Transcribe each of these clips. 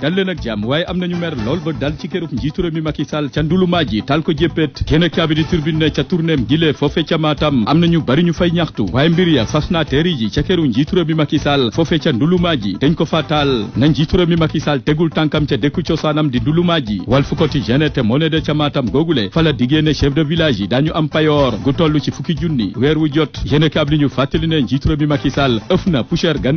dal leen ak jàmm waaye am nañu mer lool ba dal ci kërub njiitu réew mi Macky ca ndulumaaji tal ko jéppét génne kaabi di turbine ca tournéem gilee foofe ca Matam am nañu bari ñu fay ñaxtu waaye mbir ya fas naa teeri ji ca këru njiitu réew mi Macky Sall foofe ca ndulumaaji dañ ko fa taal na njiitu réew mi Macky tegul tànkam ca dëkku cosaanam di ndulumaaji Walf Quotidien te moo ne de ca Matam googule fala diggée ne chef de village yi am payoor gu toll ci fukki junni weer wu jot génne kaab li ñu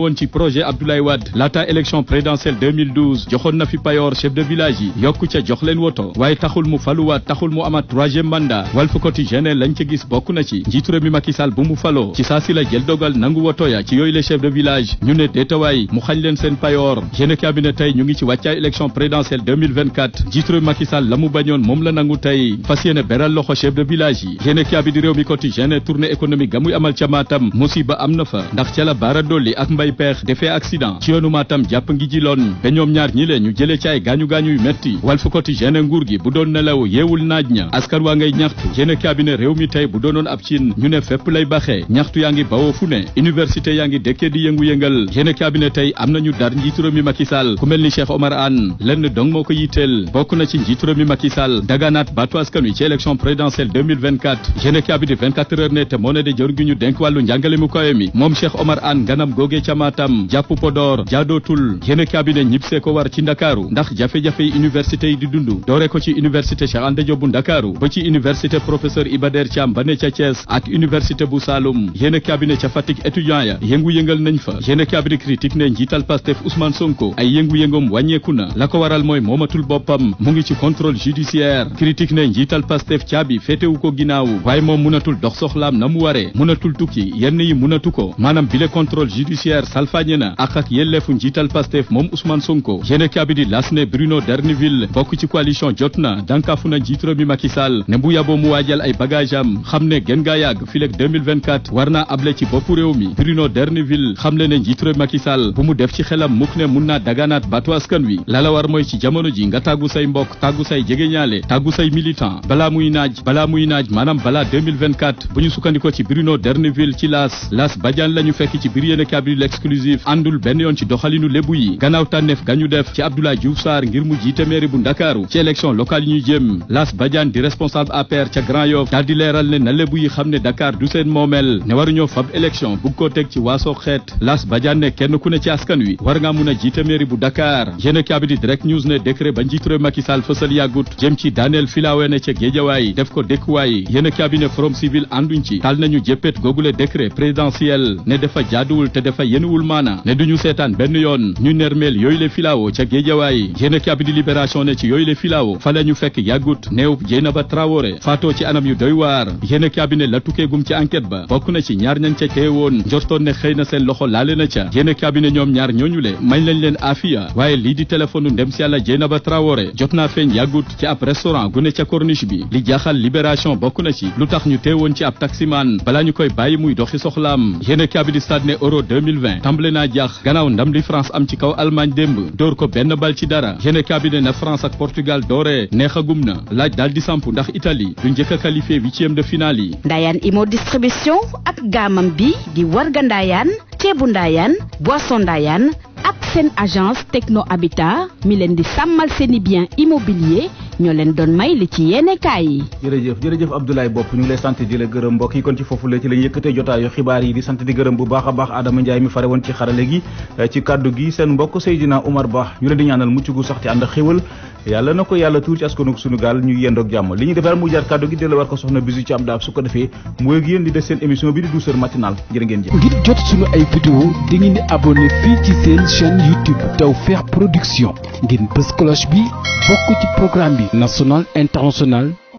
woon ci projet Abdoulaye Wade 2012 joxoon na fi payoor chef de village yi yokku ca jox leen woto waaye taxul mu faluwaat taxul mu amaat troisième mandat Walf Quotidien lañ ca gis bokk na ci njiitu réew mi Macky bu mu faloo ci saa si la jël dogal nangu woto ya ci yooyu le chef de village ñu ne déetawaay mu xañ leen seen payoor yéene cabinet tey ñu ngi ci wàccaay élection présidentielle 2024 njiitu réew mi Macky Sall la mu bañoon moom la nangu yi yéene cabinet réew mi Quotidien tournée économique ga muy amal ca Matam musiba am na fa ndax ca la baara dolli ak mbay peex defee accident yoonu Matam jàpp ngi ji loon ñaar ñi leen ñu jëlee ci ay gaañu-gaañu yu metti Walf Quotidien ne nguur gi bu doon nelaw yeewul naaj ña askan waa ngay ñaxtu yéene cabinet réew mi tey bu doonoon ab cin ñu ne fépp lay baxee ñaxtu yaa ngi bawoo fu ne université yaa ngi dëkkee di yëngu-yëngal yéene cabinet tey am nañu dar njiitu réew ku mel ni Cheikh Omar Anne lenn dong moo ko yitteel bokk na ci njiitu réew mi Macky Sall daganaat baatu askan wi ci élection présidentielle 2024 yéene cabinet 24 heures ne te moo ne de jor sawar ci ndakaaru ndax jafe-jafe yi université yi di dund doore ko ci université Cheikh Anta Diop ndakaaru ba ci université professeur Iba Der Thiam ba ne ca Thiès ak université bu Saloum yéen a ca Fatick étudiant ya yëngu-yëngal nañ fa yéen a cabinet critique ne njiital usman Ousmane Sonko ay yëngu-yëngoom wàññeeku na la ko waral mooy moomatul boppam mu ngi ci contrôle judiciaire critique ne njiital Pastef caabi féetewu ko ginnaaw waaye moom munatul dox soxlaam na mu waree munatul tukki yenn yi munatu ko maanaam bile contrôle judiciaire salfaañe na ak ak yelleefu njiital Pastef moom Ousmane Sonko yéenekaay bi di las ne Bruno D'Erneville bokk ci coalition jot na dankafu na njiitu mi Macky ne bu yaboo mu waajal ay bagage xam ne gën ngaa yàgg war naa able ci boppu réew mi Bruno D'Erneville xam le ne njiitu réew bu mu def ci xelam mukk ne mun naa daganaat batu wi lala war mooy ci jamono ji nga tàggu say mbokk tàggu say jegeñaale tàggu say militant balaa muy naaj balaa muy naaj maanaam balaa bu ñu sukkandikoo ci Bruno D'Erneville ci Pastef ci Abdoulaye Diouf Sarr ngir mu jiite mairie bu Ndakaaru ci élection locale yi ñu jëm Las Badiane di responsable APR ca Grand Yoff daal leeral ne na lebu yi xam ne Dakar du seen moomeel ne waruñoo fab élection bugg koo teg ci waasoo Las Badiane ne kenn ku ne ci askan wi war ngaa mun a jiite mairie bu Dakar yéene kaa bi di Direct News ne décret ba njiitu réew Macky yàggut jëm ci Daniel Filawe ne ca Géejawaay def ko dëkkuwaay yéene kaa ne Forum filao ca géejawaay yéenekaay bi di libération ne ci yooyu le filao fa ñu fekk yàggut néew Jeynaba Traoré faatoo ci anam yu doy waar yéenekaay bi ne la tukkeegum ci enquête ba bokk na ci ñaar ñañ ca teewoon njortoon ne xëy na seen loxo laale na ca yéenekaay bi ne ñoom ñaar ñooñu le mañ lañ leen afiya waaye lii di téléphone ndem si yàlla Jeynaba Traoré jot naa feeñ yàggut ci ab restaurant gu ne ca corniche bi li jaaxal libération bokk na ci lu ko benn bal ci dara gene cabinet na France ak Portugal doore neexagum na laaj daal di sampu ndax Italie du njëkk a qualifié huitième de finale yi Ndayaan Imo distribution ak gaamam bi di warga Ndayaan ceebu Ndayaan boisson Ndayaan ak seen agence Techno Habitat mi leen di sàmmal seeni bien immobilier ñoo leen doon may li ci yenn kaay yi jërëjëf jërëjëf Abdoulaye Bopp ñu ngi lay sant di la gërëm mbokk yi kon ci foofu la ci lañ yëkkatee jotaayu xibaar yi di sant di gërëm bu baax a baax Adama Ndiaye mi fare woon ci xarale gi eh, ci kàddu gi seen mbokk Seydina Oumar Ba ñu leen di ñaanal mucc gu sax ànd ak yàlla na ko yàlla tuur ci askanug sunu gaal ñu yendoog jàmm li ñuy defar mu jaar kàddu gi delloo war ko soxna bisu ci am su ko defee mooy bi di douceur bi nationale internationale